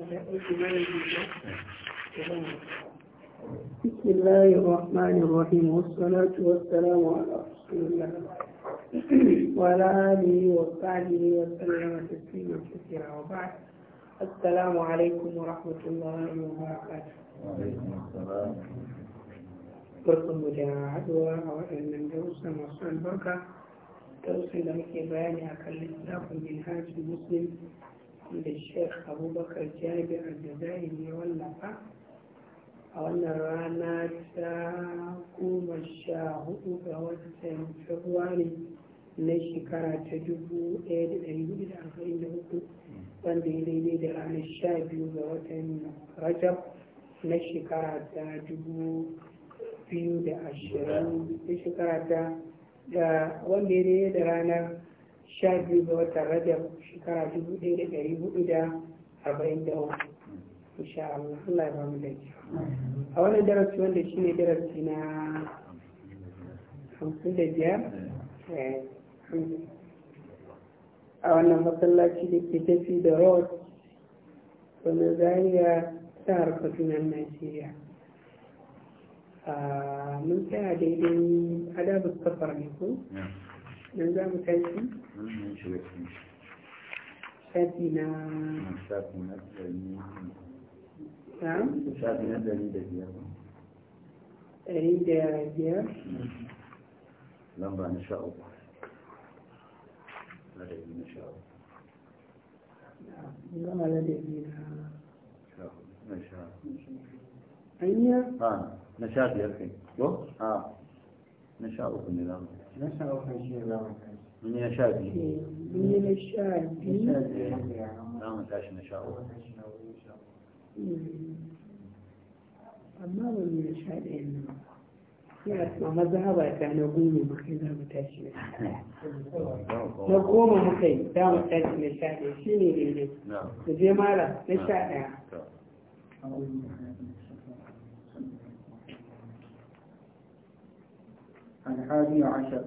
بسم الله الرحمن الرحيم والصلاة والسلام على رسول الله وعلى آله وصحبه وسلم تسليما كثيرا وبعد السلام عليكم ورحمة الله وبركاته وعليكم السلام barkan mu da haɗuwa a waɗannan darussa masu albarka darussan da muke bayani a da sheikh abubakar jabir al ya wallafa a wannan rana ta goma sha hudu ga watan februari na shekara ta dubu ɗaya da ɗari da arba'in da hudu wanda ya daidai da ranar sha biyu ga watan na shekara ta ranar sha biyu ga watan rajab shekara dubu ɗaya da ɗari hudu da arba'in da uku insha Allah Allah ya bamu da a wannan darasi wanda shi ne darasi na hamsin da biyar eh, a wannan masallaci da ke tafi da road wanda zariya ta harkar tunan Najeriya. Ah, mun tsaya daidai adabin kafar ne ko? yanzu za mu kai shi na shafi na da biyar ɗari da biyar lamba na sha uku adadi na sha uku zama ladabi sha biyar kai ko? na sha uku ne zamu na sha uku shi ne zamu mun yi na sha biyu eh, mun yi na sha biyu zamu tashi na sha uku eh, amma ba mu na sha ɗaya ne ya a ba ta na goma muka za mu tashi na sha ɗaya na goma muka yi mu tashi na sha ɗaya shi ne daidai da je mara na sha ɗaya الحادي عشر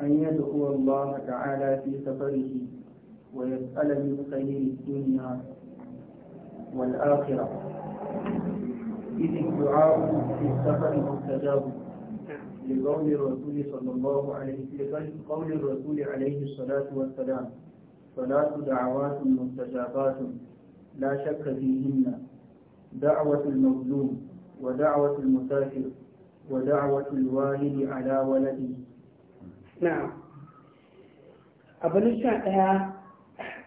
أن يدعو الله تعالى في سفره ويسأل من خير الدنيا والآخرة إذ الدعاء في السفر مستجاب لقول الرسول صلى الله عليه قول الرسول عليه الصلاة والسلام ثلاث دعوات مستجابات لا شك فيهن دعوة المظلوم ودعوة المسافر ودعوة الوالد على ولده نعم abin sha ɗaya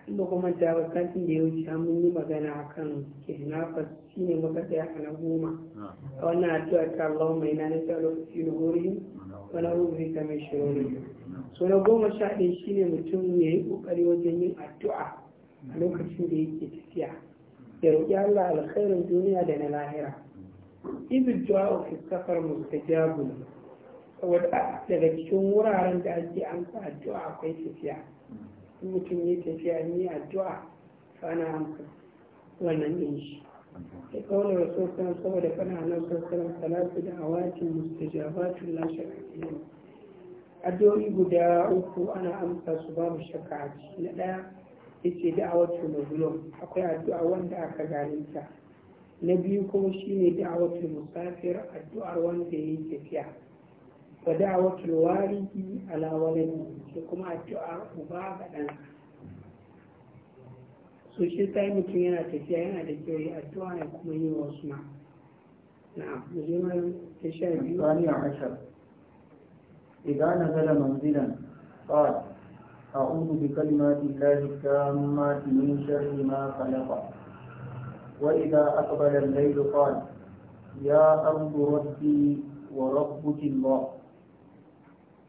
da kuma jawo satin da ya wuce mun yi magana a kan kidnappers shi ne a na a wannan addu'a ta Allah mai na lokacin tsaro fi hori wani ta mai shirori so na goma sha ɗaya shi ne mutum ya yi ƙoƙari wajen yin addu'a a lokacin da yake tafiya ya roƙi Allah alkhairin duniya da na lahira izin du'a a fiskafar mustajabu saboda daga cikin wuraren da ake amsa addu'a akwai tafiya mutum ya tafiya ni addu'a fana amsa wannan din shi ya kawo rasul kan saboda fana nan sassaran salatu da awatin mustajabatun la shakka addu'o'i guda uku ana amsa su babu shakka a ciki na ɗaya yace da'awatul mazlum akwai addu'a wanda aka zalunta na biyu kuma ne da'awatul musafir addu'ar wanda yayi tafiya wa da'awatul waridi ala walidi shi kuma addu'ar uba ga ɗan so shi sai mutum yana tafiya yana da kyau yi addu'a ya kuma yi wasu ma na'am mujimar ta sha biyu sani ashar idan nazala manzilan qala أعوذ بكلمات الله التامات من شر ما خلق وإذا أقبل الليل قال يا أرض ربي وربك الله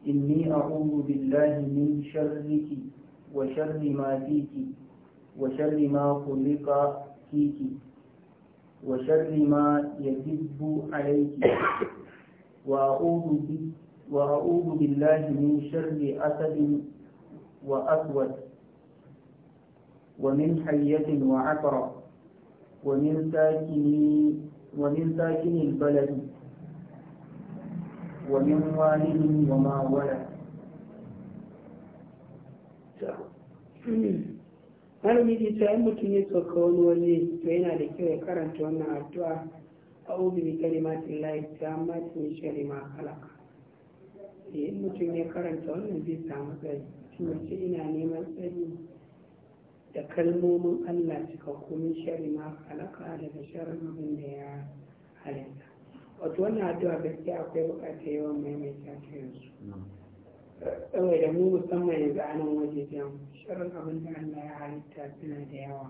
إني أعوذ بالله من شرك وشر ما فيك وشر ما خلق فيك وشر ما يجب عليك وأعوذ, وأعوذ بالله من شر أسد وأسود ومن حية وعقرب ومن ساكن البلد ومن والد وما ولد malami ji ta in mutum ya tsoka wani wani to yana da kyau ya karanta wannan addu'a a ubi bi kalimatin layi ta amma ta yi shari ma halaka eh, in mutum ya karanta wannan zai samu tsari mutum ce ina neman tsari da kalmomin Allah cikakkumin shari ma halaka daga sharar abin da ya halitta wato wannan addu'a gaskiya akwai bukata yawan maimaita ta yanzu da mu musamman yanzu a nan waje jan sharar abin da Allah ya halitta suna da yawa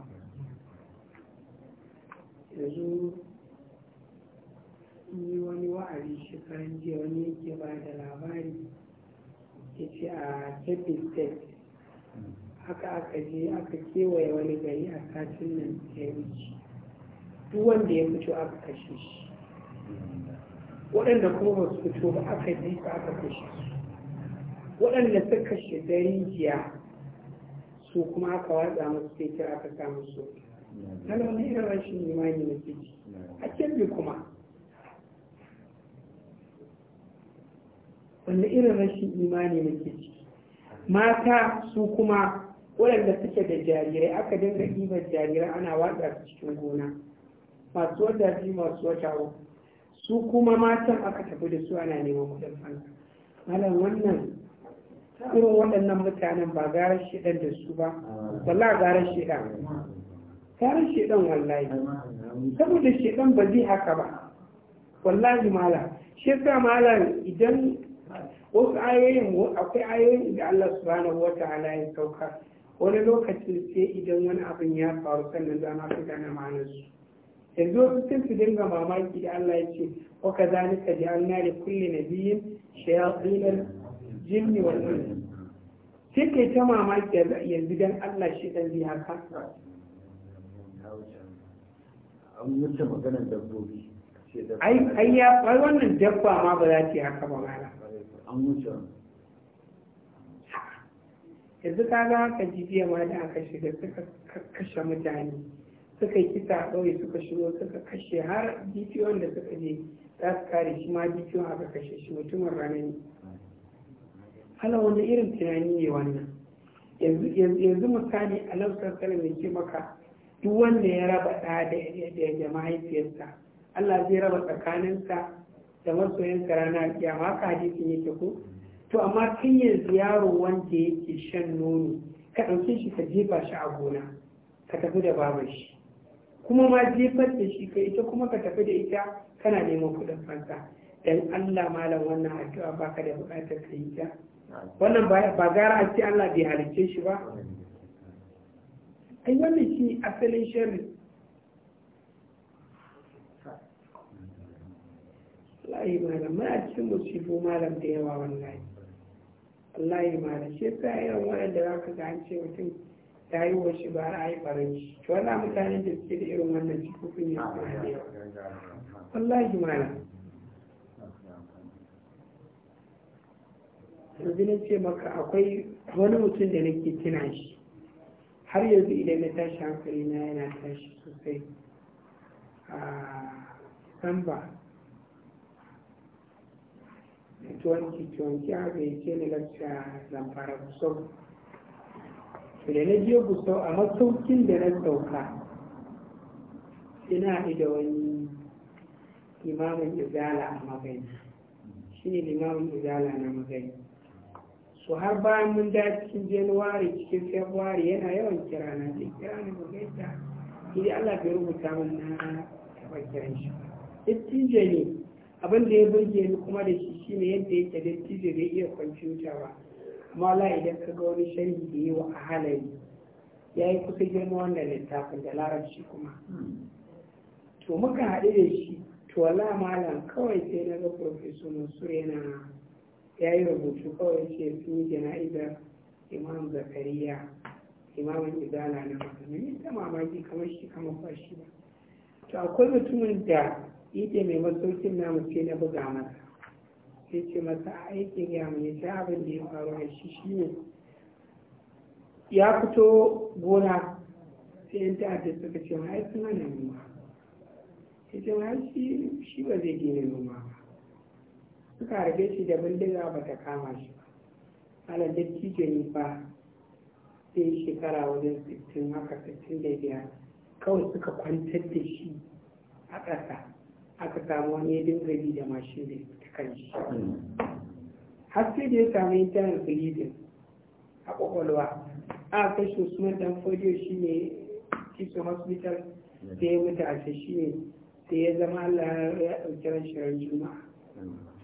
yanzu yi wani wa'azi shekaran jiya wani yake ba da labari ya ce a kebbi state haka aka je aka kewaye wani gari a satin nan ya wuce duk wanda ya fito aka kashe shi waɗanda kuma ba su fito ba aka ji aka kashe su waɗanda suka kashe jiya su kuma aka watsa musu fetur aka samun su ana wani irin rashin imani na ciki a kirbi kuma wanda irin rashin imani na ciki mata su kuma waɗanda suke da jarirai aka dinga ɗiban jarirai ana watsa su cikin gona masu wata biyu masu wata uku su kuma matan aka tafi da su ana neman kudin fansa malam wannan irin waɗannan mutanen ba garar shiɗan da su ba wallah garar shiɗan garar shiɗan wallahi saboda shiɗan ba zai haka ba wallahi malam shi sa malam idan wasu ayoyin akwai ayoyin da Allah subhanahu wa ta'ala ya saukar wani lokaci sai idan wani abin ya faru sannan za ma su gane ma'anarsu yanzu wasu sun su dinga mamaki da Allah ya ce wa ka zani ka ji an na da kulle na biyun shayatsinar jinni wal insi ta mamaki yanzu dan Allah shi dan biya haka ai ai ya wannan dabba ma ba za ta yi haka ba mana an wuce yanzu ka ga haka jibiya ma da aka shiga suka kashe mutane suka yi kisa a suka shigo suka kashe har dpo da suka je za su kare shi ma dpo aka kashe shi mutumin ranar ne hala wani irin tunani ne wannan yanzu misali a lausar salam da ke maka duk wanda ya raba ɗa da mahaifiyarsa Allah zai raba tsakaninsa da masoyansa rana kiyama haka hadisin yake ko to amma kan yanzu yaro wanda yake shan nono ka ɗauke shi ka jefa shi a gona ka tafi da babar shi kuma ma jefar da shi ka ita kuma ka tafi da ita kana neman kuɗin fansa dan Allah malam wannan addu'a baka da buƙatar ka yi ta wannan ba gara a ce Allah bai halicce shi ba ai wannan shi asalin sharri wallahi malam muna cikin musibu malam da yawa wallahi wallahi ya mara shi sa irin waɗanda za ka ga ce mutum ta yi wa shi ba a yi shi to wani mutane da suke da irin wannan cikin ya kuma ne wallahi ya mara yanzu na ce maka akwai wani mutum da nake tuna shi har yanzu idan na tashi hankali na yana tashi sosai a ah, samba 2020 haka yake ni lacca zamfara kusau da na je kusau a masaukin da na sauka ina da wani limamin izala a magani shi ne limamin izala na magani su har bayan mun da cikin januwari cikin februari yana yawan kira na ce kira ne mu gaita idan allah bai rubuta mun na taɓa kiran shi ba ne abin da ya burge ni kuma da shi shine yadda yake dattijo da iya kwamfuta ba amma la idan ka ga wani sharhi da yi wa a ya yi kusa girma wannan littafin da larabci kuma to muka haɗu da shi to wala malam kawai sai na ga profesor mansur yana ya yi rubutu kawai ce sun yi jana'izar imam zakariya imamin izala na masu ne ta mamaki kamar shi kamar ba shi ba to akwai mutumin da ita mai masaukin namu ce na buga masa sai ce masa a aikin ya mai ta abin da ya faru a shi shi ne ya fito gona sai yan ta'adda suka ce ma aikin mana noma sai ce ma shi ba zai gina noma ba suka harbe shi da bindiga ba ta kama shi ba ala da ne ba sai shekara wajen sittin haka sittin da biyar kawai suka kwantar da shi a ƙasa aka samu wani yadin gari da mashin da ta shi. Hmm. haske da ya samu intanet bleeding a kwakwalwa a kashe usman dan fodiyo shi ne cikin hospital da hmm. ya mutu a shi ne sai ya zama allah ya ɗauki rashin juma'a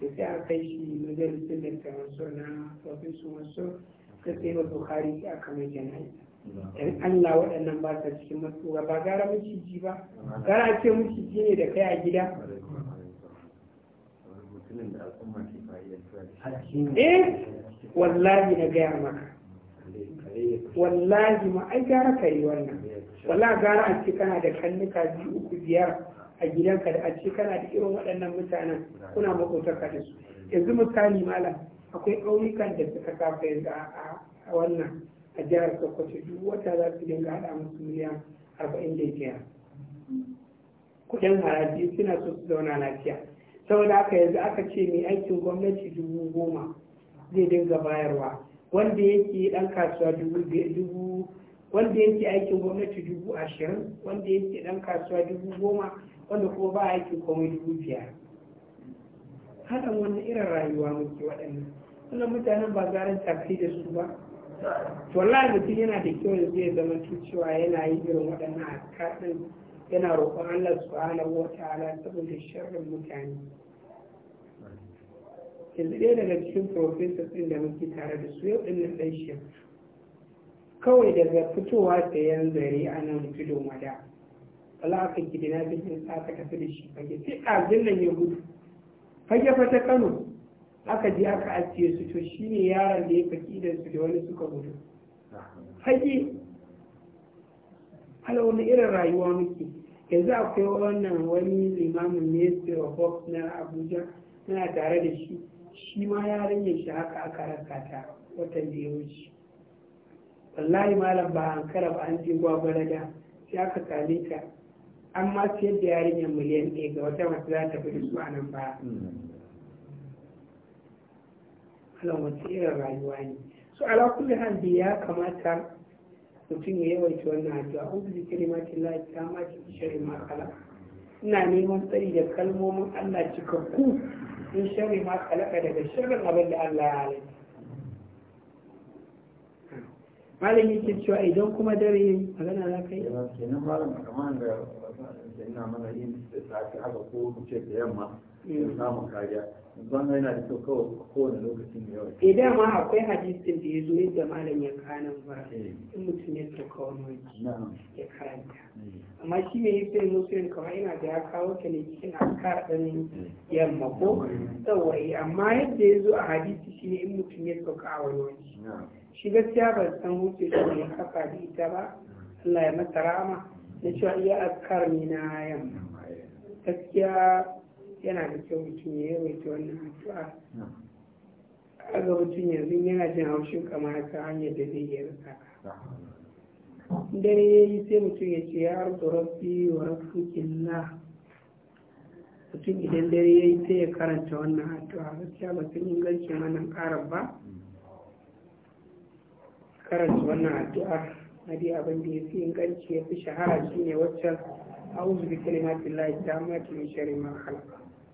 da hmm. sai a kai shi majalisar da ta wasu na profesor wasu ka sai ba bukari a kamar jana'iza in Allah waɗannan ba sa cikin matsuwa ba gara ji ba gara ce ji ne da kai a gida eh wallahi na gaya maka wallahi ma ai gara yi wannan wallahi gara a ce kana da kannuka biyu uku biyar a gidanka da a ce kana da irin waɗannan mutanen kuna makotaka da su yanzu misali malam akwai ƙauyukan da suka kafa yanzu a wannan a jihar sokoto duk wata za su dinga hada musu miliyan arba'in da biyar kudin haraji suna so su zauna lafiya saboda aka yanzu aka ce mai aikin gwamnati dubu goma zai dinga bayarwa wanda yake dan kasuwa dubu wanda yake aikin gwamnati dubu ashirin wanda yake dan kasuwa dubu goma wanda kuma ba aikin komai dubu biyar haɗin wannan irin rayuwa muke waɗannan wannan mutanen ba garin tafi da su ba to wallahi mutum yana da kyau yanzu ya zama cewa yana yi irin waɗannan akaɗin yana roƙon Allah subhanahu wata ala saboda sharrin mutane yanzu ɗaya daga cikin professors ɗin da muke tare da su yau ɗin nan ɗan shi kawai daga fitowa sayan zare a nan fido wada wala aka gidi na bikin sa aka tafi da shi fage sai ɗazin nan ya gudu fage fa ta kano aka je aka ajiye su to shine yaron da ya faki da su da wani suka gudu haƙi hala wani irin rayuwa muke yanzu akwai wannan wani limamin ministry of hope na abuja yana tare da shi shi ma ya shi haka aka raka ta watan da ya wuce wallahi malam ba an kara ba an je gwagwara da sai aka same ta an ma yadda da yarinyar miliyan ɗaya ga wata masu za ta fi da su a nan baya akan wata irin rayuwa ne so ala kulli hal ya kamata mutum ya yawaita wani addu'a a bi kalimatin la tama ta mace ma makala, ina neman tsari da kalmomin Allah cikakku in sharri ma ka daga shirin abin da Allah ya halitta malam yake cewa idan kuma dare magana za ka yi kenan malam kamar da ina mana yin da safi haka ko mu da yamma don samun kariya ban yana da kyau kawai kowane lokaci ne yawa eh dama akwai hadisin da ya zo yadda malam ya kana ba eh. in mutum ya tsaka wani ya karanta eh. amma shi ne yake musulun kawai yana da ya kawo ta ne cikin askar ɗin eh. yamma ko tsawai amma yadda ya zo a hadisi shi ne in mutum ya tsaka a wani wani shi gaskiya ba san hutu shi ne kafa da ita ba Allah ya masa rama na cewa iya askar ne na yamma gaskiya yana da kyau mutum ya yawaita wannan addu'a ga mutum yanzu yana jin haushin kamar ta hanyar da zai yi rasa dare ya yi sai mutum ya ce ya arzu rabbi wa rafiqillah mutum idan dare ya yi sai ya karanta wannan addu'a gaskiya ba sun inganci wannan karar ba karanta wannan addu'a na dai abin da ya fi inganci ya fi shahara shine waccan a'udhu bi kalimatillahi tammati min sharri ma khalaqa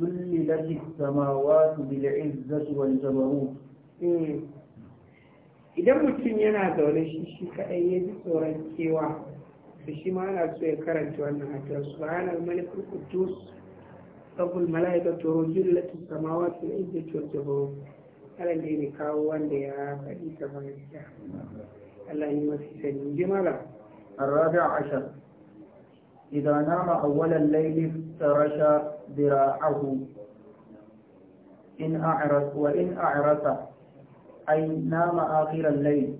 ذللت السماوات بالعزة والجبروت idan mutum yana zaune shi shi kaɗai ya ji tsoron cewa da shi ma ana so ya karanta wannan hadiyar su ba yana malikul kudus mala'ika to rojin latin samawa su ne da alan ne kawo wanda ya ta gaskiya Allah masu sani jimala. الرابع عشر إذا نام أول الليل فرشا ذراعه إن أعرض وإن أعرض أي نام آخر الليل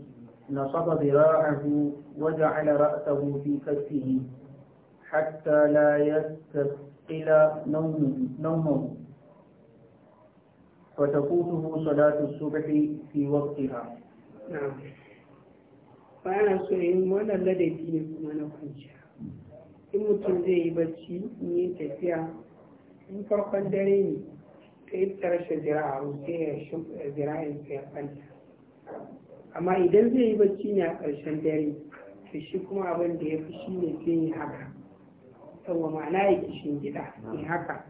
نصب ذراعه وجعل رأسه في كفه حتى لا يستثقل نومه, نومه وتفوته صلاة الصبح في وقتها نعم فأنا سعيد وانا الذي دين كما نفنشها in mutum من yi in farkon dare ne ta yi tsarashe a sai ya shimfiɗa zira'in sa ya kwanta amma idan zai yi bacci ne a ƙarshen dare to shi kuma abin da ya fi shi ne sai yi haka yawa ma'ana ya kishin gida ne haka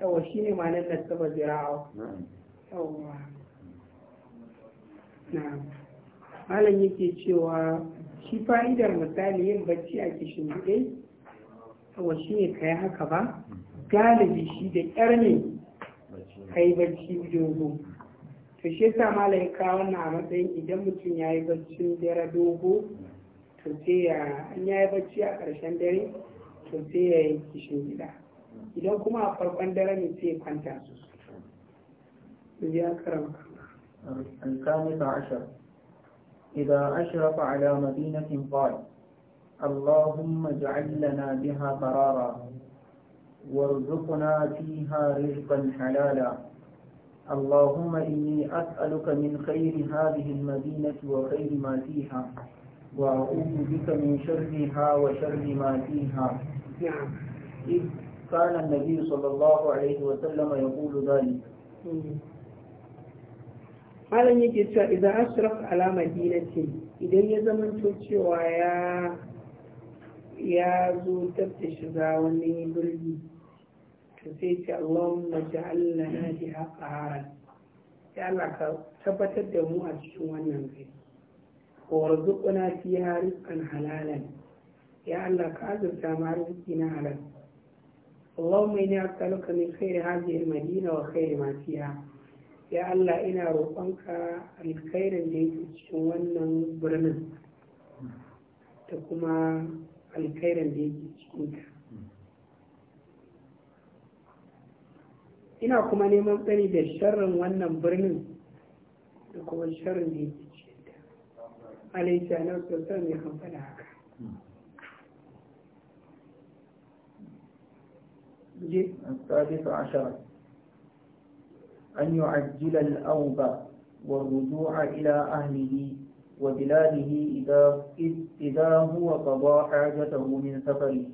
yawa shi ne ma'anar a? zira'a yawa na malam yake cewa shi fa'idar misali yin bacci a kishin gida yawa shi ne ka yi haka ba galibi shi da ƙyar ne kai bacci dogo to shi yasa malai ka kawo a matsayin idan mutum ya yi barci dare dogo to sai ya an ya yi bacci a ƙarshen dare to sai ya yi kishin gida idan kuma a farkon dare ne sai ya kwanta su ya karama الخامس ashar إذا أشرف على مدينة قال اللهم اجعل لنا بها قرارا وارزقنا فيها رزقا حلالا اللهم إني أسألك من خير هذه المدينة وخير ما فيها وأعوذ بك من شرها وشر ما فيها إذ كان النبي صلى الله عليه وسلم يقول ذلك malam yake cewa idan ashraf ala madinatin idan ya zamanto cewa ya ya zo tab shiga wani birni to sai ce Allahumma ja'alna haka qaharan ya Allah ka tabbatar da mu a cikin wannan gari warzuqna fiha rizqan halalan ya Allah ka azurta ma arziki na halal Allahumma ina as'aluka min khairi hadhihi al-madina wa khairi ma fiha ya Allah ina roƙonka alkhairin da yake cikin wannan birnin da kuma alkhairan da yake cikinka ina kuma neman tsani da sharrin wannan birnin da kuma sharrin da yake cikinta alaisa na sosai mai kamfana haka السادس عشر أن يعجل الأوبة والرجوع إلى أهله وبلاده إذا, إذا هو قضى حاجته من سفره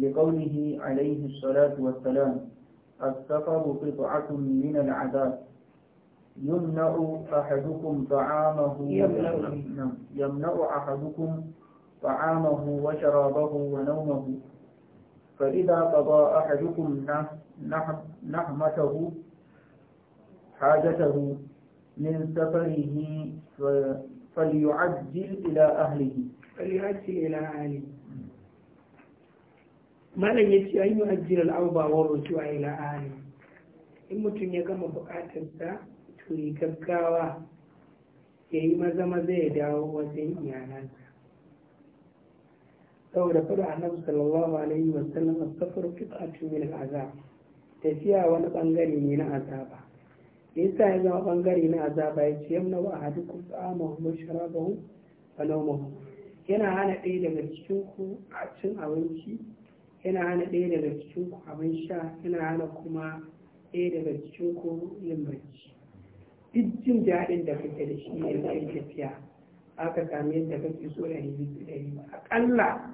لقوله عليه الصلاة والسلام السفر قطعة من العذاب يمنع أحدكم طعامه يمنع, يمنع أحدكم طعامه وشرابه ونومه فإذا قضى أحدكم نحمته حاجته من سفره falyu'ajjil ila ahlihi falyu'ajjil ila ahlihi malam yace an yu'ajjil al-awba wa rujua ila ahlihi in mutum ya gama bukatarsa to yi gaggawa ya yi maza maza ya dawo wajen iyalansa saboda fara annabi sallallahu alaihi wa sallam asafar qit'atu min al'azab tafiya wani ɓangare ne na azaba da yasa ya zama bangare na azaba ya ce yamna wa ahadukum ta'amahu wa sharabahu wa nawmahu yana hana ɗaya daga cikin ku a cin abinci yana hana ɗaya daga cikin ku abin sha yana hana kuma ɗaya daga cikin ku yin barci. duk jin daɗin da kake da shi ne zai tafiya aka sami yadda kake so da yi su da yi aƙalla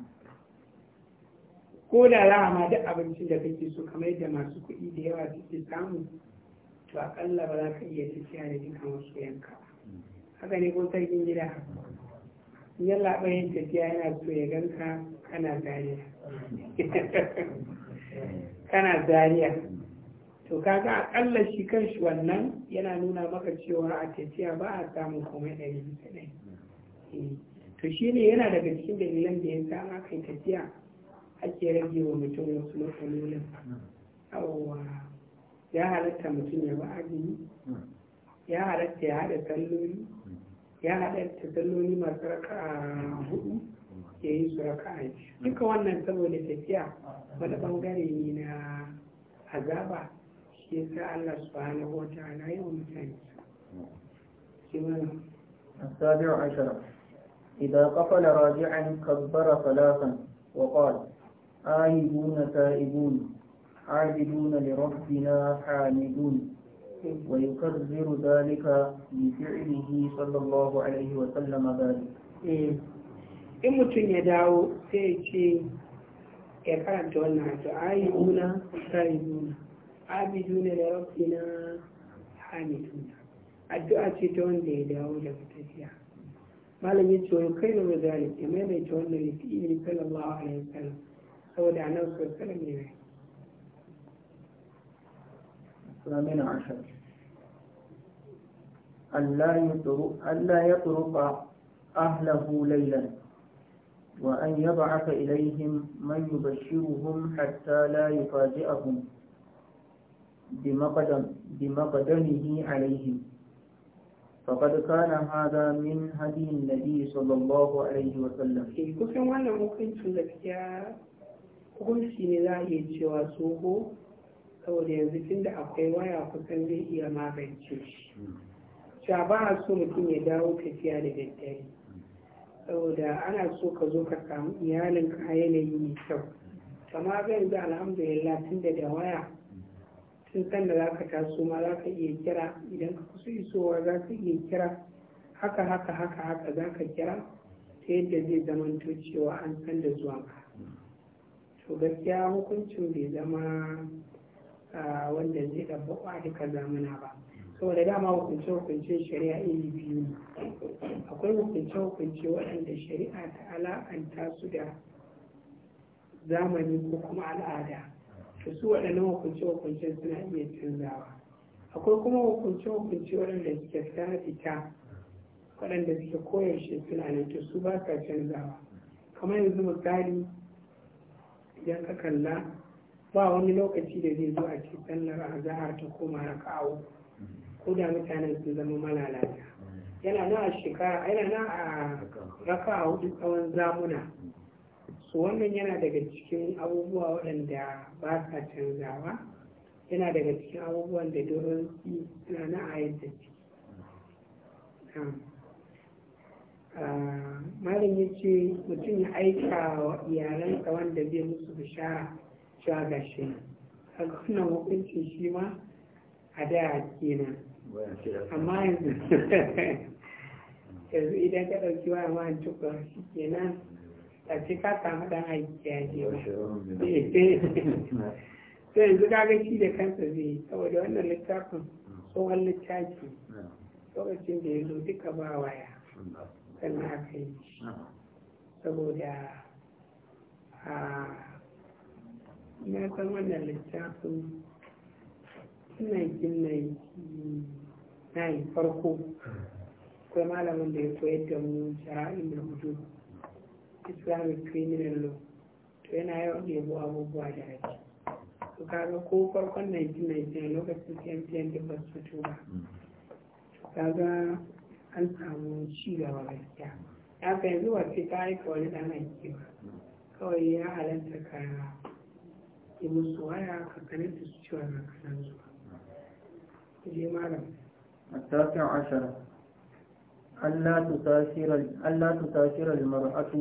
ko da rama duk abincin da kake so kamar yadda masu kuɗi da yawa suke samu to akalla ba za ka iya tafiya da duka yanka haka ne ko sarkin gida yalla yin tafiya yana so ya ganka kana zariya kana zariya to kaga akalla shi kanshi wannan yana nuna maka cewa a tafiya ba a samun komai da bisa ɗari eh, to shi ne yana daga cikin dalilan da ya sa aka yi tafiya ake rage wa mutum wasu matsalolin abubuwa ya halatta mutum ya ba azumi ya halatta ya haɗa salloli ya halatta salloli masu raka hudu ya yi su raka a duka wannan saboda tafiya wani bangare ne na azaba shi ya sa Allah subhanahu wa ta'ala ya wa mutane السابع عشر إذا قفل راجعا كبر ثلاثا وقال آهبون تائبون عابدون لربنا حامدون ويكرر ذلك بفعله صلى الله عليه وسلم ذلك in mutum ya dawo sai ya ce ya karanta wannan hatu ayyuna sa'iduna abiduna da rabbina hamiduna addu'a ce ta wanda ya dawo daga tafiya malam ya ce wani kai da mazalik ya maimaita wannan ya fi ilmi sallallahu alaihi wasallam saboda annabi sallallahu alaihi wasallam الثامن عشر ألا يطرق أهله ليلا وأن يبعث إليهم من يبشرهم حتى لا يفاجئهم بمقدم بمقدمه عليهم فقد كان هذا من هدي النبي صلى الله عليه وسلم kusan wannan hukuncin gaskiya hukunci ne za a iya cewa tsoho saboda yanzu tun da akwai waya kusan zai iya magance shi a ba a so mutum ya dawo tafiya da daddare saboda ana so ka zo ka samu iyalin a yanayi mai kyau kama ga yanzu alhamdulillah tun da waya tun san da za ka taso ma za ka iya kira idan ka kusa isowa za ka iya kira haka haka haka haka za ka kira ta yadda zai zama cewa an san da zuwanka to gaskiya hukuncin bai zama wanda zai ɗabbaƙo a duka zamana ba saboda dama hukunce hukunce shari'a iri biyu ne akwai hukunce hukunce waɗanda shari'a ta ala'anta su da zamani ko kuma al'ada to su waɗannan hukunce hukunce suna iya canzawa akwai kuma hukunce hukunce waɗanda suke fita waɗanda suke koyaushe suna nan to su ba sa canzawa kamar yanzu misali idan ka kalla ba wani lokaci da zai zo a ce sallar azahar ta koma kawo ko da mutanen sun zama malalata yana na a shekara yana na a a hudu tsawon zamuna su wannan yana daga cikin abubuwa waɗanda ba sa canzawa yana daga cikin abubuwan da doronsi suna na a yadda ciki ah, malin ya ce mutum ya aika wa iyalansa wanda zai musu bishara cewa ga shi a wannan hukuncin shi ma a da kenan amma yanzu yanzu idan ka ɗauki waya ma tukwa shi kenan a ce ka samu dan aiki ya je ba sai yanzu ka shi da kansa zai yi saboda wannan littafin tsohon littafi lokacin da ya zo duka ba waya sannan aka yi saboda na san wannan littafin ina jin na yi farko kuma malamin da ya koyar da mu shara'in da hudu islamic criminal law to yana yawan yabo abubuwa da ake to kaga ko farkon 1999 lokacin cmtn da ba su fito ba kaga an samu ci gaba gaskiya ya ka yanzu ta sai ka aika wani dan aiki ba kawai ya halatta ka التاسع عشر ألا تسافر ألا تسافر المرأة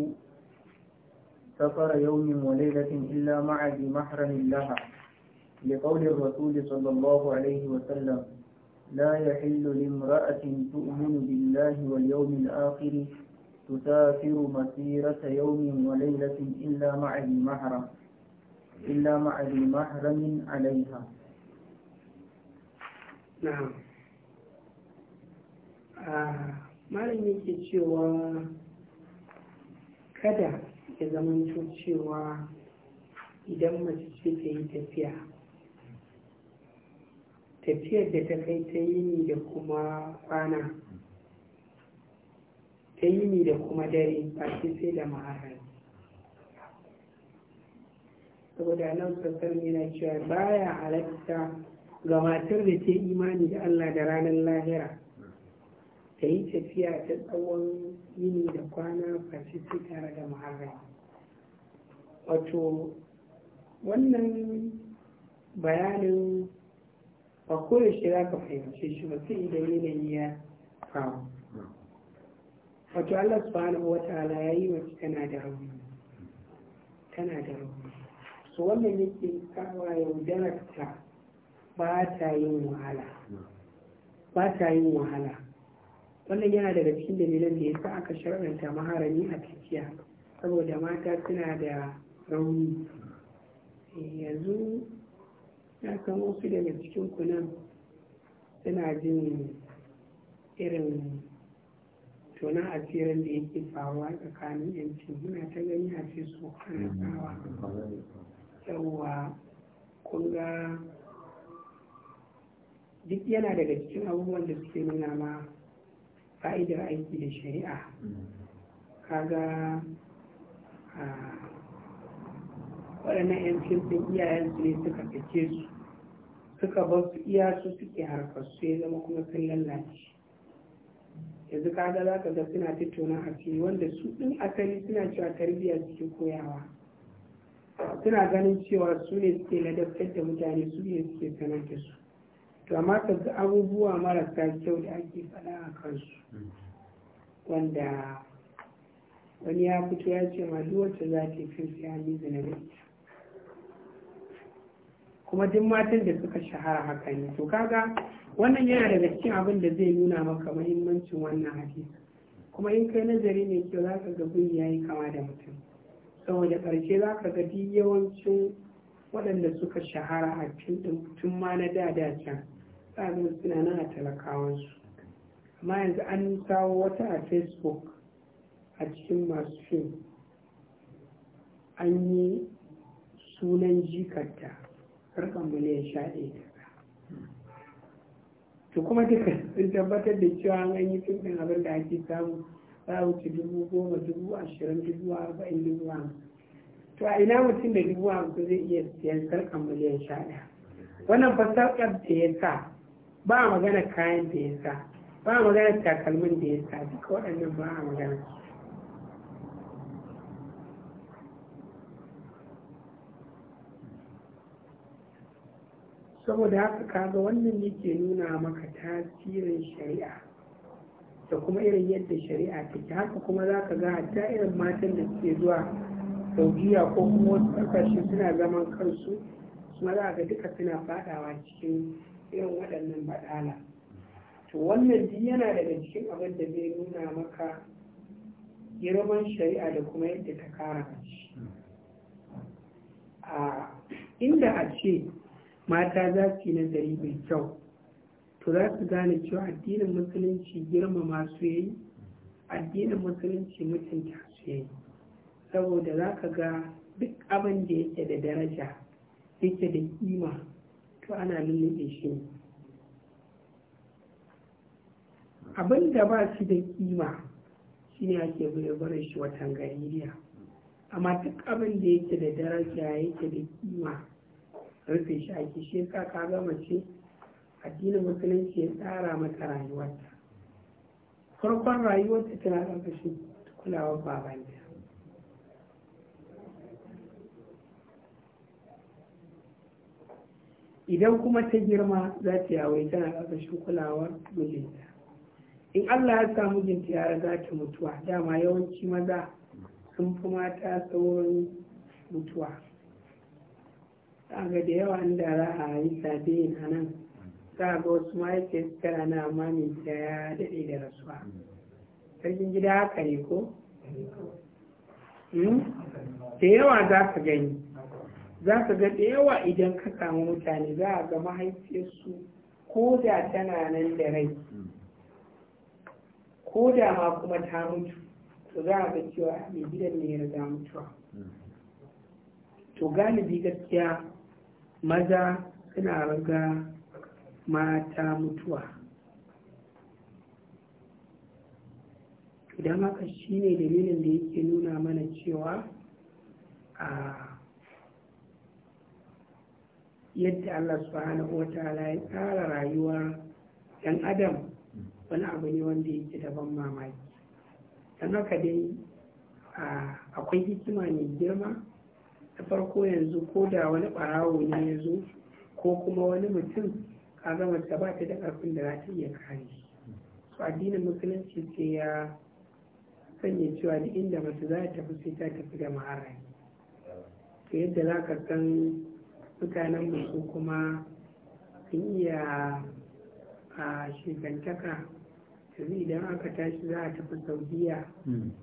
سفر يوم وليلة إلا مع ذي محرم لها لقول الرسول صلى الله عليه وسلم لا يحل لامرأة تؤمن بالله واليوم الآخر تسافر مسيرة يوم وليلة إلا مع ذي محرم إلا مع ذي محرم عليها نعم malam yake cewa kada ya zamanto cewa idan mace ce ta yi tafiya tafiyar da ta kai ta yini da kuma rana ta yini da kuma dare ba sai da maharami saboda nan sassan yana cewa baya halatta ga matar da ke imani da Allah da ranar lahira ta yi tafiya ta tsawon yini da kwana fasiti tare da muharram wato wannan bayanin ba kowace shi za ka fahimce shi ba sai idan yanayi ya faru wato Allah subhanahu wa ta'ala ya yi tana da rauni tana da rauni su wanda yake kawa yaudararta ba ta yin wahala ba ta yin wahala wannan yana daga cikin dalilan da ya sa aka shar'anta maharami a tafiya saboda mata suna da rauni eh, yanzu ya san wasu daga cikin kunan suna jin irin tona asirin da yake faruwa tsakanin yancin muna ta gani a ce su hana yawwa kunga duk yana daga cikin abubuwan da suke nuna ma fa'idar aiki da shari'a kaga waɗannan 'yan ɗin iyayensu ne suka fice su suka ba su iya su suke harkar su ya zama kuma sun lallace yanzu kaga za ka ga suna tattauna a fili wanda su ɗin asali suna cewa tarbiyya suke koyawa suna ganin cewa su ne suke ladabtar da mutane su ne suke sanar da su to amma ga abubuwa marasa kyau da ake faɗa a kansu wanda wani ya fito ya ce ma duk wacce za ta fi sai an zina ita kuma duk matan da suka shahara haka ne to kaga wannan yana daga cikin abin da zai nuna maka mahimmancin wannan hadisi kuma in kai nazari ne kyau za ka ga ya yi kama da mutum waje ƙarshe za ka ga duk yawancin waɗanda suka shahara a cikin tun ma na da, can tsarin suna nan a talakawansu amma yanzu an kawo wata a facebook a cikin masu fim an yi sunan jikarta karkan miliyan sha ɗaya to kuma duka sun tabbatar da cewa an yi fim ɗin abin da ake samu a wuce dubu goma dubu ashirin dubu arba'in dubu hamsin to a ina mutum da dubu hamsin zai iya siyan sarkar miliyan sha ɗaya wannan fasakar da ya sa ba magana kayan da ya sa ba magana takalmin da ya sa duka waɗannan ba a magana saboda haka kaga wannan yake nuna maka tasirin shari'a da kuma irin yadda shari'a take haka kuma za ka ga hatta irin matan da suke zuwa saudiya ko kuma wasu ƙasashe suna zaman kansu kuma za ga duka suna fadawa cikin irin waɗannan baɗala to wannan duk yana daga cikin abin da zai nuna maka girman shari'a da kuma yadda ta kara inda a ce mata za su yi nazari mai kyau to za ka gane cewa addinin musulunci girmama su yayi addinin musulunci mutunta su yayi saboda za ka ga duk abin da yake da daraja yake da kima to ana lullube shi abin da ba shi da kima shi ne ake shi watan gaririya amma duk abin da yake da daraja yake da kima rufe shi ake shi ka gama ce addinin musulunci ya tsara mata rayuwarta farkon rayuwarta tana ƙarƙashin kulawar babanta idan kuma ta girma za ta yawai tana ƙarƙashin kulawar mijinta in allah ya sa mijinta yara za ta mutuwa dama yawanci maza sun fi mata saurin mutuwa ga da yawa inda za a yi sabe a nan za ga wasu mahaifiyar tana na mai ya daɗe da rasuwa sarkin gida haka ne ko hmm? da yawa za ka gani za ka ga da yawa idan ka samu mutane za a ga mahaifiyarsu ko da tana nan da rai ko da ma kuma ta mutu to za a ga cewa mai gidan ne ya riga mutuwa to galibi gaskiya maza suna riga mata mutuwa idan haka shi ne dalilin da yake nuna mana cewa a yadda allah subhanahu wa ta'ala ya tsara rayuwar yan adam wani abu ne wanda yake daban mamaki don haka dai akwai hikima mai girma da farko yanzu ko da wani ɓarawo ne ya zo ko kuma wani mutum a ga ba ta da ƙarfin da za ta iya kare shi addinin musulunci ce ya sanya cewa duk inda mace za ta tafi sai ta tafi da maharai to yadda za ka san mutanen musu kuma sun iya a shekantaka yanzu idan aka tashi za a tafi saudiya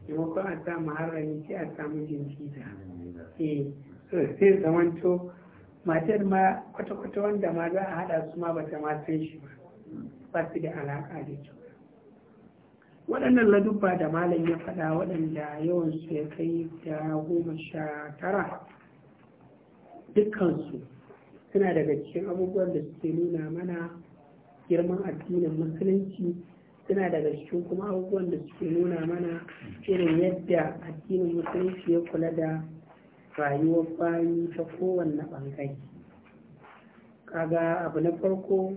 maimakon a sa maharami sai a samu jinkita eh sai zamanto matar ma kwata-kwata wanda ma za a haɗa su ma bata ma san shi ba ba su da alaƙa da juna waɗannan ladubba da malam ya faɗa waɗanda yawansu ya kai da goma sha tara dukkansu suna daga cikin abubuwan da suke nuna mana girman addinin musulunci suna daga cikin kuma abubuwan da suke nuna mana irin yadda addinin musulunci ya kula da rayuwar bayi ta kowanne ɓangare kaga abu na farko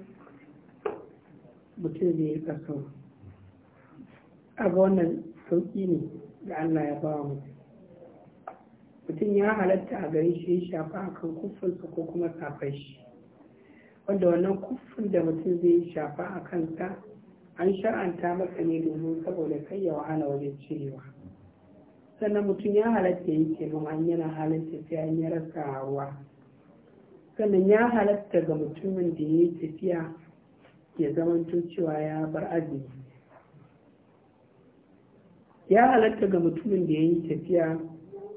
mutum zai yi so abu wannan sauƙi ne da allah ya ba mutum mutum ya halatta a gari shi ya shafa a kan kufinsa ko kuma safai shi wanda wannan kufin da mutum zai shafa a kansa an sha'anta masa ne domin saboda kai ya wahala wajen cirewa sannan mutum ya halatta ya ke an yana halatta tafiya in ya rasa hawa sannan ya halatta ga mutumin da ya yi tafiya ya zama cewa ya bar azumi ya halatta ga mutumin da ya yi tafiya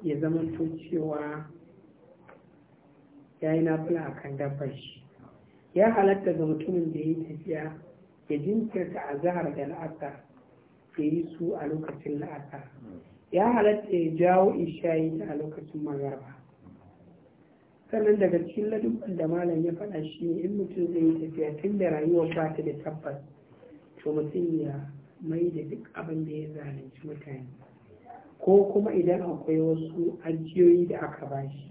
ya zama cewa ya yi nafula a kan dabbar shi ya halatta ga mutumin da ya yi tafiya ya jinkirta a zahar da la'asar ya yi su a lokacin la'asar ya halatta ya jawo ishayi a lokacin magarba sannan daga cikin ladubban da malam ya faɗa shi ne in mutum zai yi tafiya tun da rayuwar ba ta da tabbas to mutum ya mai da duk abin da ya zalunci mutane ko kuma idan akwai wasu ajiyoyi da aka bashi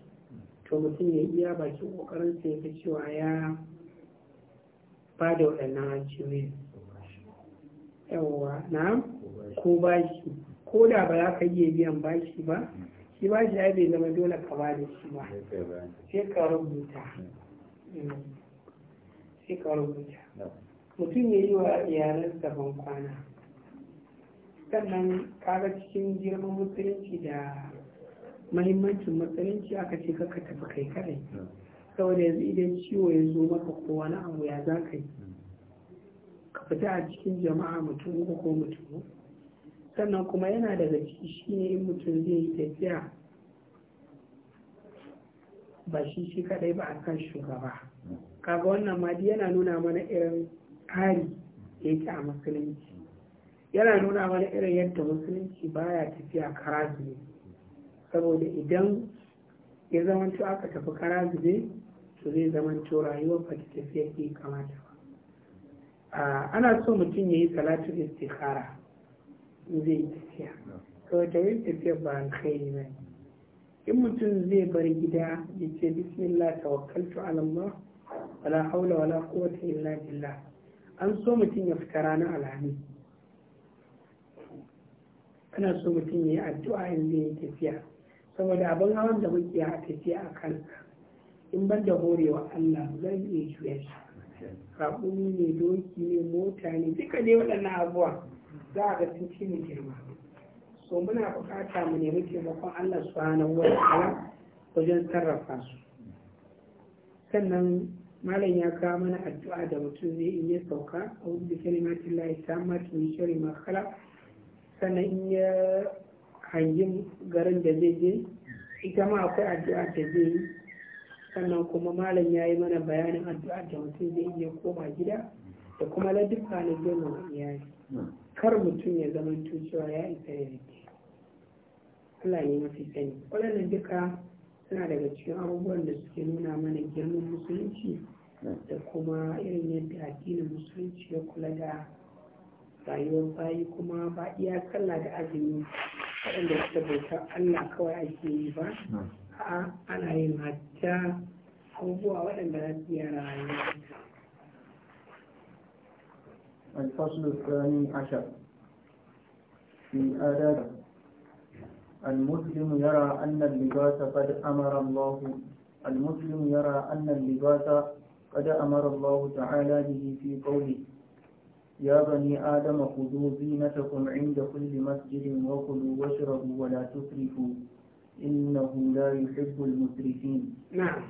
to mutum ya iya baki kokarin sa ga cewa ya bada waɗannan ajiyoyin yawwa na ko bashi ko da ba za ka iya biyan bashi ba shi shi ya bai zama dole ka ba da shi ba sai ka rubuta sai ka rubuta mm. mutum ya yi wa iyalansa ban kwana sannan kaga cikin girman musulunci da mahimmancin musulunci aka ce ka tafi kai kadai saboda yanzu idan ciwo ya zo maka ko wani abu ya za ka yi mm. ka fita a cikin jama'a mutum ko mutum sannan kuma yana daga ciki shine in mutum zai yi tafiya ba shi shi kadai ba a kan shugaba kaga wannan ma yana nuna mana irin hari da yake a musulunci yana nuna mana irin yadda musulunci baya tafiya kara saboda idan ya zamanto aka tafi kara zube to zai zamanto rayuwar ba ta kamata ba ah, ana so mutum ya yi salatu istikhara zai yi tafiya kawai ta yi tafiya ba an kai ba in mutum zai bar gida ya ce bismillah tawakkaltu ala Allah wala haula wala quwwata illa billah an so mutum ya fita ranar alhamis ana so mutum ya yi addu'a in zai yi tafiya saboda abin hawan da muke a tafiya a kansa in ban da horewa Allah zan iya juya shi raƙumi ne doki ne mota ne duka dai waɗannan abubuwa za ga sun girma so muna bukata mu nemi taimakon Allah subhanahu wa ta'ala wajen sarrafa su sannan malam ya kawo mana addu'a da mutum zai in ya sauka a wurin kalimatin lahi ta mata mai shari makala sannan in ya hangi garin da zai je ita ma akwai addu'a da zai yi sannan kuma malam ya yi mana bayanin addu'a da mutum zai iya koma gida da kuma ladduka na girmama iyali kar mutum ya zama cewa ya isa ya rike Allah ne mafi sani waɗannan duka suna daga cikin abubuwan da suke nuna mana girman musulunci da kuma irin yadda addinin musulunci ya kula da rayuwar bayi kuma ba iya kalla da azumi waɗanda suka bauta Allah kawai ake yi ba hmm. a'a ana yin hatta abubuwa waɗanda za su iya rayuwa الفصل الثاني عشر في آداب المسلم يرى أن اللباس قد أمر الله المسلم يرى أن اللباس قد أمر الله تعالى به في قوله يا بني آدم خذوا زينتكم عند كل مسجد وكلوا واشربوا ولا تسرفوا إنه لا يحب المسرفين نعم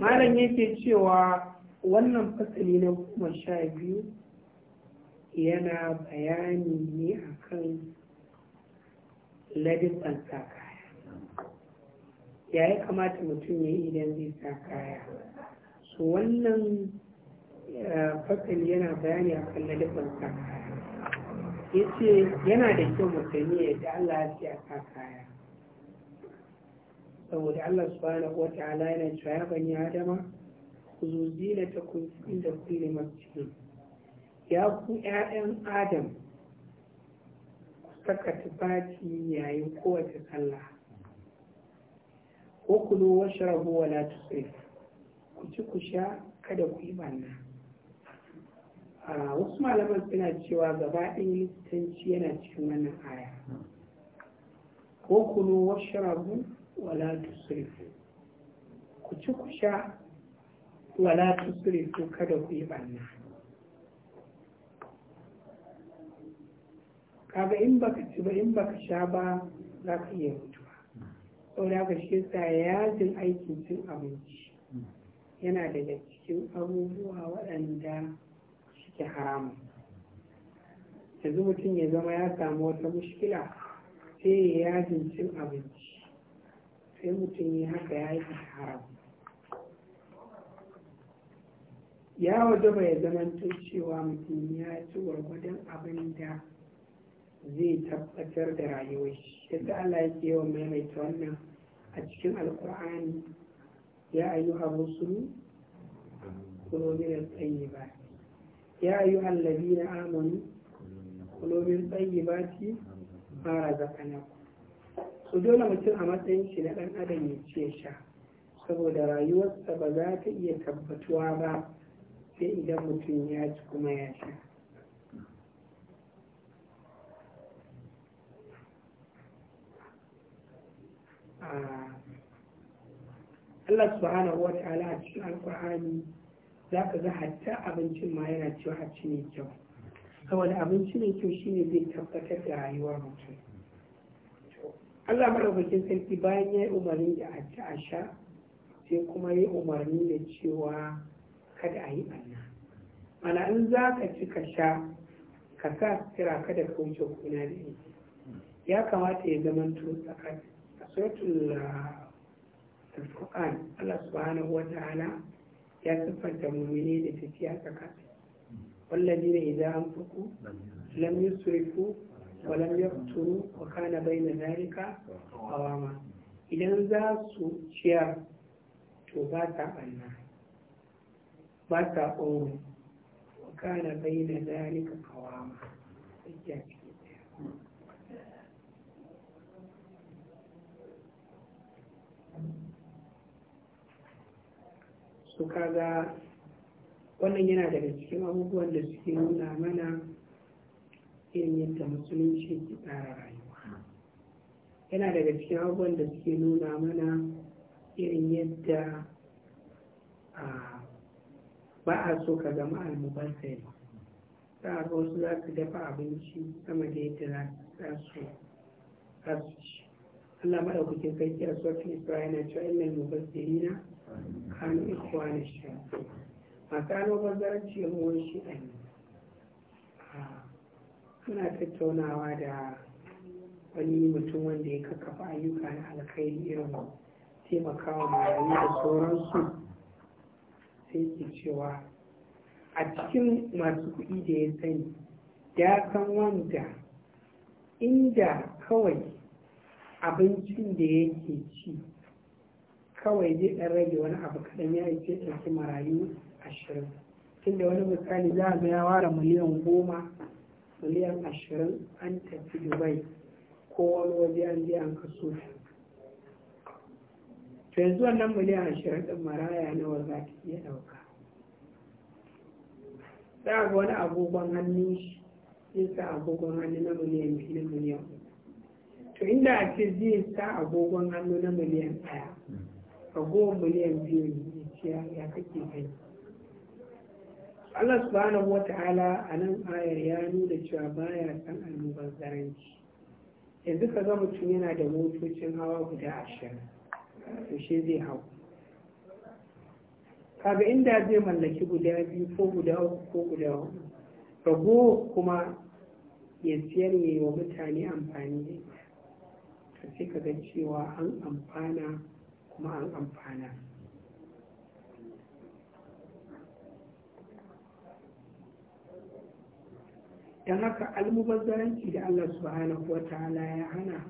malam yake cewa wannan fasali na goma sha biyu yana bayani ne akan ladin sa kaya ya yi kamata mutum ya yi idan zai sa kaya su wannan fasali yana bayani akan ladin sa kaya ya ce yana da kyau ya da Allah ya sa kaya saboda Allah subhanahu wa ta'ala yana cewa ya bani adama ku zo ku inda ne masjid ya ku ƴaƴan adam ku saka tufafi yayin kowace sallah ko ku zo washrabu wala tusrif ku ci ku sha kada ku yi banna wasu malaman suna cewa gaba ɗin listanci yana cikin wannan aya ko ku kulu washrabu wala tusrif ku ci ku sha wala tusrifu kada ku yi banna kaga in baka ci ba in baka sha ba za ka iya mutuwa da ka shi yasa yajin aikin cin abinci yana daga cikin abubuwa waɗanda suke haramun yanzu mutum ya zama ya samu wata mushkila sai ya yajin cin abinci sai mutum ya haka ya yi haram ya wajaba bai zamanto cewa mutum ya ci gwargwadon abin da zai tabbatar da rayuwar shi yadda Allah yake wa maimaita wannan a cikin alkur'ani ya ayu rusulu kulo kulomin tsayi ba ya ayu alladhina amanu kulo min tayyibati ma ku su dole mutum a matsayin shi na dan adam ya ce sha saboda rayuwarsa ba za ta iya tabbatuwa ba sai idan mutum ya ci kuma ya sha ah, Allah subhanahu wa ta'ala a cikin alkur'ani za ka ga hatta abincin ma yana cewa a ci kyau saboda abinci mai kyau shine zai tabbatar da rayuwar mutum Allah madaukakin sarki bayan ya yi umarni da a ci a sha sai kuma ya yi umarni da cewa kada a yi ɓanna mana in za ka ci ka sha ka sa sira kada ka wuce kuna da yi ya kamata ya zama tsakanin a suratul ah, al-furqan Allah subhanahu wa ta'ala ya siffanta mu'mini da tafiya tsakanin wallahi ne idan an fuku lam yusrifu wa lam yaqtulu wa kana bayna dhalika qawama idan za su ciyar to ba ta ɓanna ba ta tsoro wa kana bai da zalika kawama tsakiya ciki ɗaya su kaga wannan yana daga cikin abubuwan da suke nuna mana irin yadda musulunci ke tsara rayuwa yana daga cikin abubuwan da suke nuna mana irin yadda a ah, ba a so ka zama almubazir ta a wasu za su dafa abinci sama da yadda za su za su ci Allah maɗaukakin sarki a sofin Isra'ila na cewa ilmin mubazzirina kanu na shayatin masu almubazzaranci yan uwan shi a ne muna ah, tattaunawa da wani mutum wanda ya kakafa ayyuka na alkhairi irin taimakawa marayu da sauransu sai ke cewa a cikin masu kuɗi da ya sani ya san wanda inda kawai abincin da yake ci kawai zai ɗan rage wani abu kaɗan ya ce ɗauki marayu ashirin tunda wani misali za a ga ya ware miliyan goma miliyan ashirin an tafi dubai ko wani waje an je an kaso shi to yanzu wannan miliyan ashirin ɗin maraya nawa za ta iya ɗauka za a ga wani agogon hannu shi zai sa agogon hannu na miliyan biyu na miliyan to inda a ce zai sa agogon hannu na miliyan ɗaya ragowar miliyan biyu ne ya ya kake kai Allah subhanahu wata'ala a nan ayar ya nuna cewa baya san zaranci yanzu ka ga mutum yana da motocin hawa guda ashirin to zai hau kaga inda zai mallaki guda biyu ko guda uku ko guda uku rago kuma ya siyar ne wa mutane amfani da ita ka ga cewa an amfana kuma an amfana don haka almubazzaranci da Allah subhanahu wa ta'ala ya hana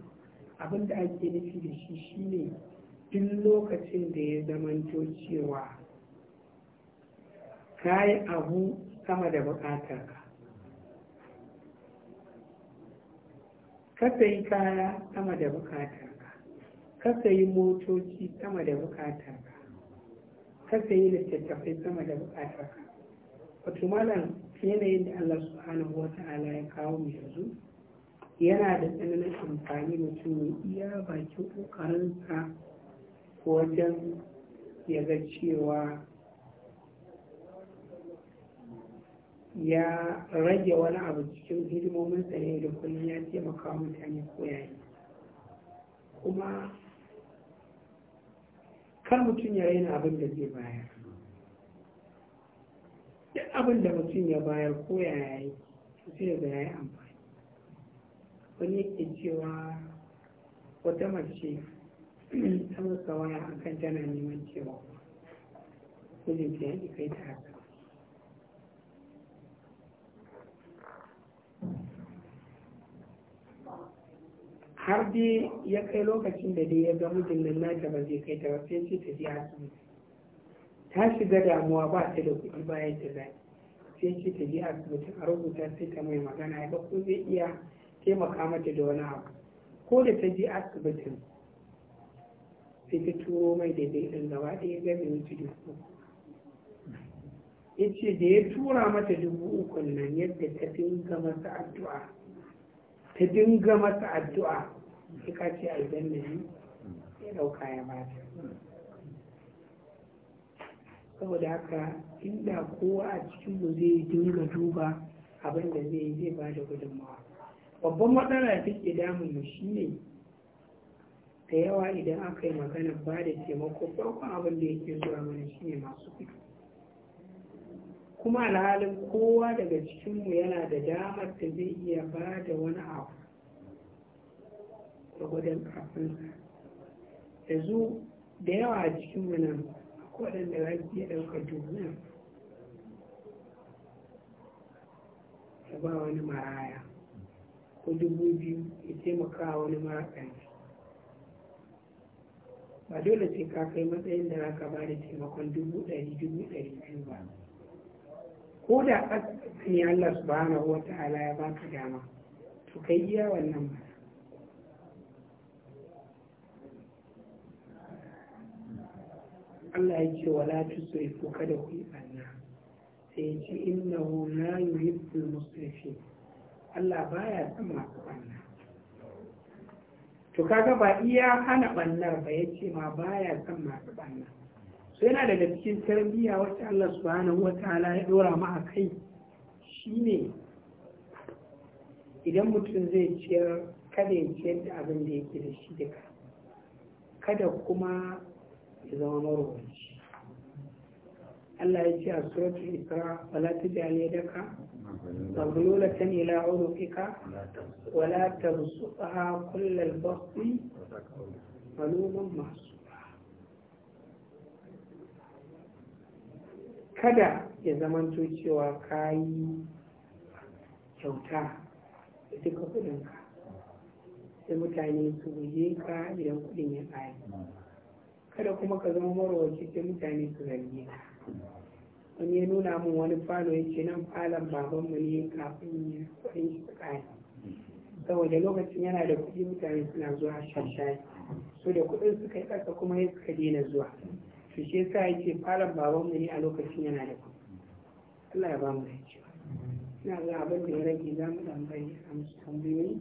abin da ake nufi da shi shine duk lokacin da ya zamanto cewa ka yi abu sama da bukatarka ka sayi kaya sama da bukatarka ka sayi motoci sama da bukatarka ka sayi littattafai sama da bukatarka wato malam yanayin da Allah subhanahu wa ta'ala ya kawo mu yanzu yana da tsananin amfani mutum ya iya bakin ƙoƙarinsa wajen ya ga cewa ya rage wani abu cikin hidimomin ne da kullum ya taimaka mutane ko yayi kuma kar mutum ya raina abin da zai bayar duk abin da mutum ya bayar ko yayi yi sai ya yi amfani wani yake cewa wata mace ta masa waya akan tana neman cewa mijinta ya kai ta haka har dai ya kai lokacin da dai ya ga mijin nan nata ba zai kai ta ba sai ce ta je asibiti ta shiga damuwa ba ta da kuɗi bayan ta zai sai ce ta je asibiti a rubuta sai ta mai magana ya ga ko zai iya taimaka mata da wani abu ko da ta je asibitin sai ta turo mai da zai ɗan gaba ɗaya gabe wuce dubu ya ce da ya tura mata dubu ukun nan yadda ta dinga masa addu'a ta dinga masa addu'a ya ka aljanna ne ya ɗauka ya bata saboda haka inda kowa a cikinmu zai dinga duba abin da zai zai ba da gudunmawa babban matsala da take damun mu shine da yawa idan aka yi magana ba da taimako farkon abin da yake zuwa mana shine masu kuɗi kuma alhalin kowa daga cikinmu yana da damar da zai iya ba da wani abu da kafin da yanzu da yawa a cikinmu nan akwai waɗanda za su iya duniya ya ba wani maraya ko dubu biyu ya taimaka wani mara ba dole sai ka kai matsayin da zaka ba da taimakon dubu ɗari dubu ɗari biyu ba ko da ne Allah subhanahu wa ta'ala ya baka dama to kai iya wannan ba Allah ya ce wala tusrifu kada ku yi banna sai ya ce innahu la yuhibbul musrifin Allah baya tsama masu banna to kaga ba iya hana bannar ba ya ce ma baya son masu banna so yana daga cikin tarbiyya wacce Allah subhanahu wa ta'ala ya dora ma a kai shine idan mutum zai ciyar kada ya ciyar da abin da yake da shi duka kada kuma ya zama marubuci Allah ya ce a suratul Isra wala tujal yadaka maghlulatan ila uruqika wala tabsuha kullal basti malumun masu kada ya zamanto cewa ka yi kyauta da duka kudinka sai mutane su guje ka idan kudin ya ƙare kada kuma ka zama marwaci sai mutane su zargi ka wani ya nuna mun wani falo ya ce nan falon babanmu ne kafin ya kuɗin shi tsakani saboda lokacin yana da kuɗi mutane suna zuwa shashayi so da kuɗin suka yi ƙasa kuma ya suka daina zuwa to shi yasa ya ce falon babanmu ne a lokacin yana da kuɗi Allah ya ba mu dacewa ina ga abin da ya rage za mu ɗan a musu tambayoyi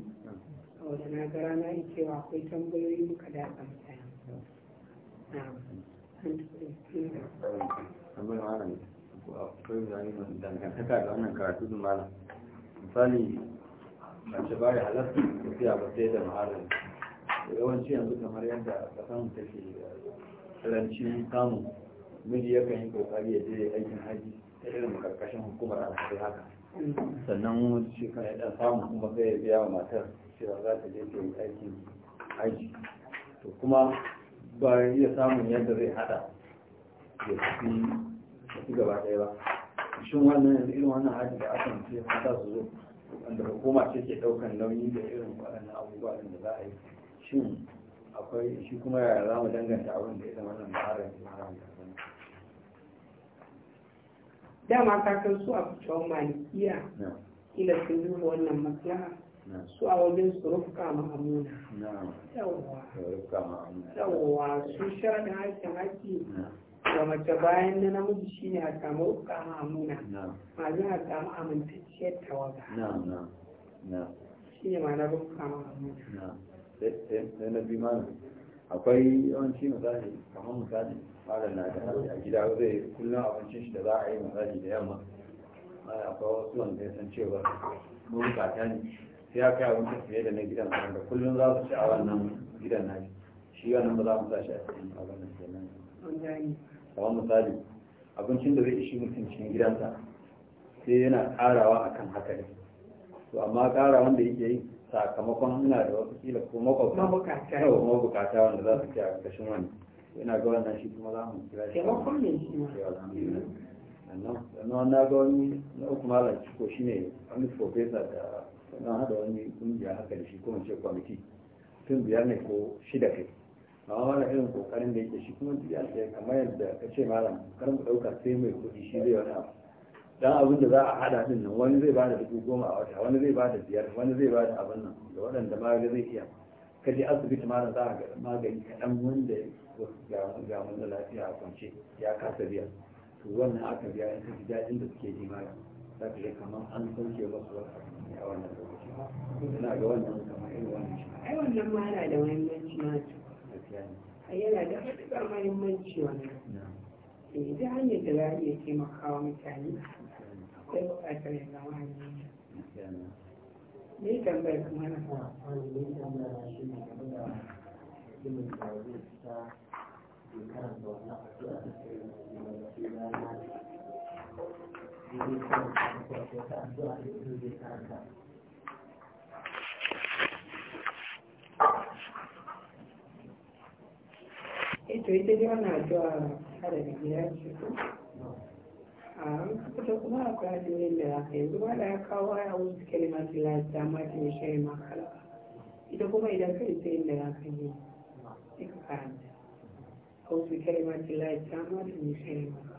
saboda na gara na ya cewa akwai tambayoyi muka da mutane. Na'am. dangantaka da wannan karatu da malam misali mace ba ya halatta tafiya ba sai da maharin yawanci yanzu kamar yadda kasan take karanci samu miji yakan yi kokari ya je aikin haji ta irin karkashin hukumar alhaji haka sannan shi kan ya dan samu kuma sai ya biya wa matar cewa za ta je ta yi aikin haji to kuma bayan iya samun yadda zai hada ya fi su gaba ɗaya ba shin wannan yanzu irin wannan haji da aka mutu ya fata su zo wanda hukuma ce ke ɗaukan nauyi da irin waɗannan abubuwa da za a yi shi akwai shi kuma ya za mu danganta abin da ita wannan ma'arar da ma'arar da dama kakan su a fitowar malikiya ila sun duba wannan maslaha su a wajen su rufka ma'amuna yawwa su sharaɗin haƙƙin haƙƙi da mace bayan na namiji shine a samu rufka ma'amuna ma'azin a samu amintacciyar tawaga shine ma na rufka ma'amuna sai na bi akwai yawanci misali kamar misali fara na da a gida zai kullum abincin shi da za a yi misali da yamma akwai wasu wanda ya san cewa mun bukata ne sai ya kai abinci fiye da na gidan da kullum za su ci a nan gidan na shi wannan ba za mu sa shi a cikin abin nan kenan kamar misali abincin da zai ishi mutum cikin gidansa sai yana karawa akan haka ne to amma kara wanda yake yi sakamakon ina da wasu kila ko makwabta ko mabukata wanda za su ci a ƙarshen wani yana ga wannan shi kuma za mu kira shi a ne shi alhamdulillah sannan na ga wani na uku malam ciko shine wani professor da na hada wani kungiya haka da shi ko in ce kwamiti tun biyar ne ko shida kai amma wani irin kokarin da yake shi kuma duk ya ce kamar yadda ka ce malam kar mu dauka sai mai kuɗi shi zai wani abu dan abin da za a hada din nan wani zai bada dubu goma a wata wani zai bada biyar wani zai bada abin nan da waɗanda ma zai iya ka je asibiti malam za a ga magani kaɗan wanda ga wanda lafiya a kwance ya kasa biya to wannan aka biya in ka ji daɗin da suke ji za ka ga kamar an sauke masu wata a wannan lokaci ina ga wannan kamar irin wannan shi ai wannan ma yana da muhimmanci ma a yana da matuƙar muhimmanci wannan eh hanyar da za a iya taimakawa mutane sai buƙatar ya zama hanyar ne tambayar kuma na karanta wannan addu'a da sai na ito eh, ita dai wannan addu'a kada da gida ce a an kuma a kwanin da aka yanzu ba da ya kawo ya wuce kalimar lafi ta mata ya shari makala ita kuma idan ka isa inda za ka yi ka karanta a wuce kalimar lafi ta shari makala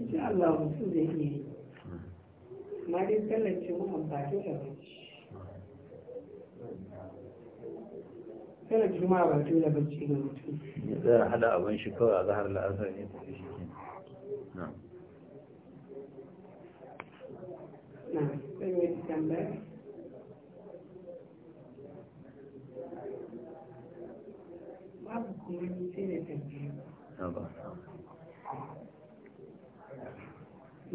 insha Allah mutum zai iya yi amma dai sallar ce mu amfani da bacci sallar juma'a ba da bacci ga mutum ya tsaya hada abin shi kawai a zahar la'asar ne ta shi ke na sai wani tambaya babu kuma sai da tambaya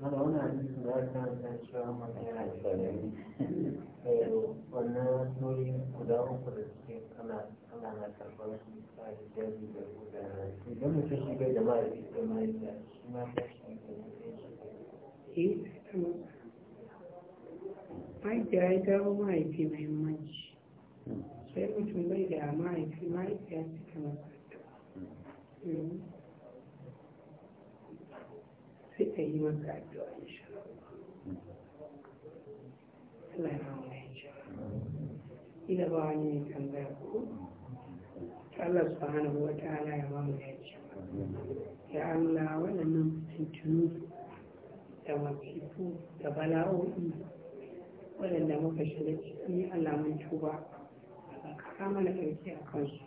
mana wani hadisi da aka da cewa mana yana tsanani eh, wannan nuri guda uku da suke kana kana na karɓar su a hijabi da guda idan mutum shiga jama'a da ita ma ita shi ma ta shi da mutum bai da eh, ya dawo mahaifi mahimmanci sai mutum bai da mahaifi mahaifi ya cika masa sai a yi masa addu'a insha Allah ya ba mu ina ba wani mai tambaya ko Allah subhanahu wata ala ya ba mu dace ya Allah waɗannan fitintunu da masifu da bala'o'i waɗanda muka shiga ciki Allah mun tuba ka kama na ɗauki a kansu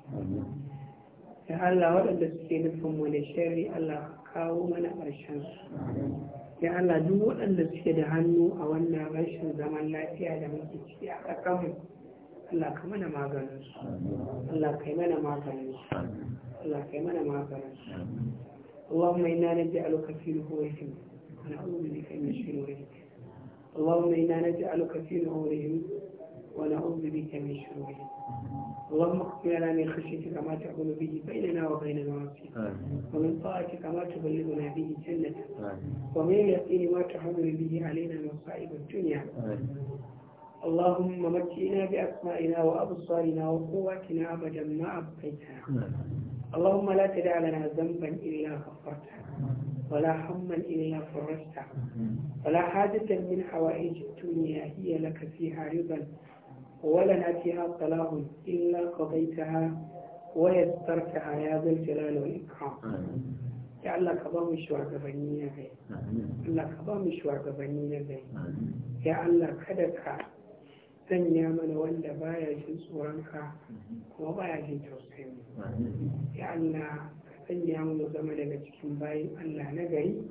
ya Allah waɗanda suke nufin mu da shari Allah kawo mana ƙarshen ya Allah duk waɗanda suke da hannu a wannan rashin zaman lafiya da muke ciki a ƙasarmu Allah ka mana maganin su Allah kai mana maganin su Allah kai mana maganin su اللهم إنا نجعلك في نحورهم ونعوذ بك من شرورهم اللهم إنا نجعلك في نحورهم ونعوذ بك من شرورهم اللهم اغفر لنا من خشيتك ما تحول به بيننا وبين معاصيك ومن طاعتك ما تبلغنا به جنتك ومن اليقين ما تحول به علينا مصائب الدنيا اللهم متئنا بأسمائنا وأبصارنا وقواتنا أبدا ما أبقيتنا اللهم لا تدع لنا ذنبا إلا غفرته ولا هما إلا فرجته ولا حاجة من حوائج الدنيا هي لك فيها رضا ولنا فيها صلاح إلا قضيتها ويسترتها يا ذا الجلال والإكرام يا الله كبام shugabanni na gai Allah ka ba mu shugabanni na gai ya Allah kada ka sanya mana wanda baya jin tsoronka kuma baya jin tausayin ya Allah ka sanya mu zama daga cikin bayin Allah na gari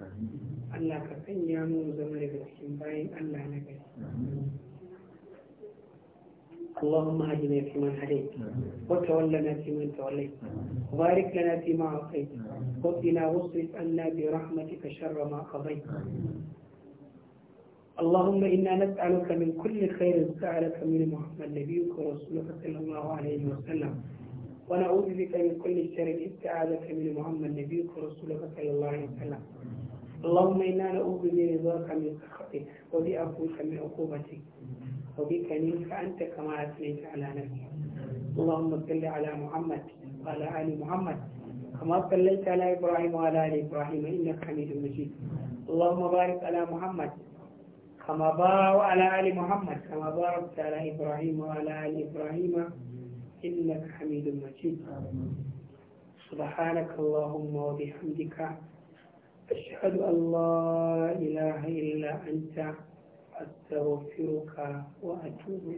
Allah ka sanya mu zama daga cikin bayin Allah na gari اللهم أهدنا فيمن هديت نعم. وتولنا فيمن توليت نعم. وبارك لنا فيما أعطيت نعم. وقنا واصرف عنا برحمتك شر ما قضيت اللهم إنا نسألك من كل خير سألك من محمد نبيك ورسولك صلى الله عليه وسلم ونعوذ بك من كل شر استعاذك من محمد نبيك ورسولك صلى الله عليه وسلم اللهم إنا نعوذ برضاك من سخطك وبعفوك من عقوبتك وبك منك أنت كما أثنيت على نفسك اللهم صل على محمد وعلى آل محمد كما صليت على إبراهيم وعلى آل إبراهيم إنك حميد مجيد اللهم بارك على محمد كما بارك على آل محمد كما باركت على إبراهيم وعلى آل إبراهيم إنك حميد مجيد سبحانك اللهم وبحمدك أشهد أن لا إله إلا أنت astaghfiruka wa atubu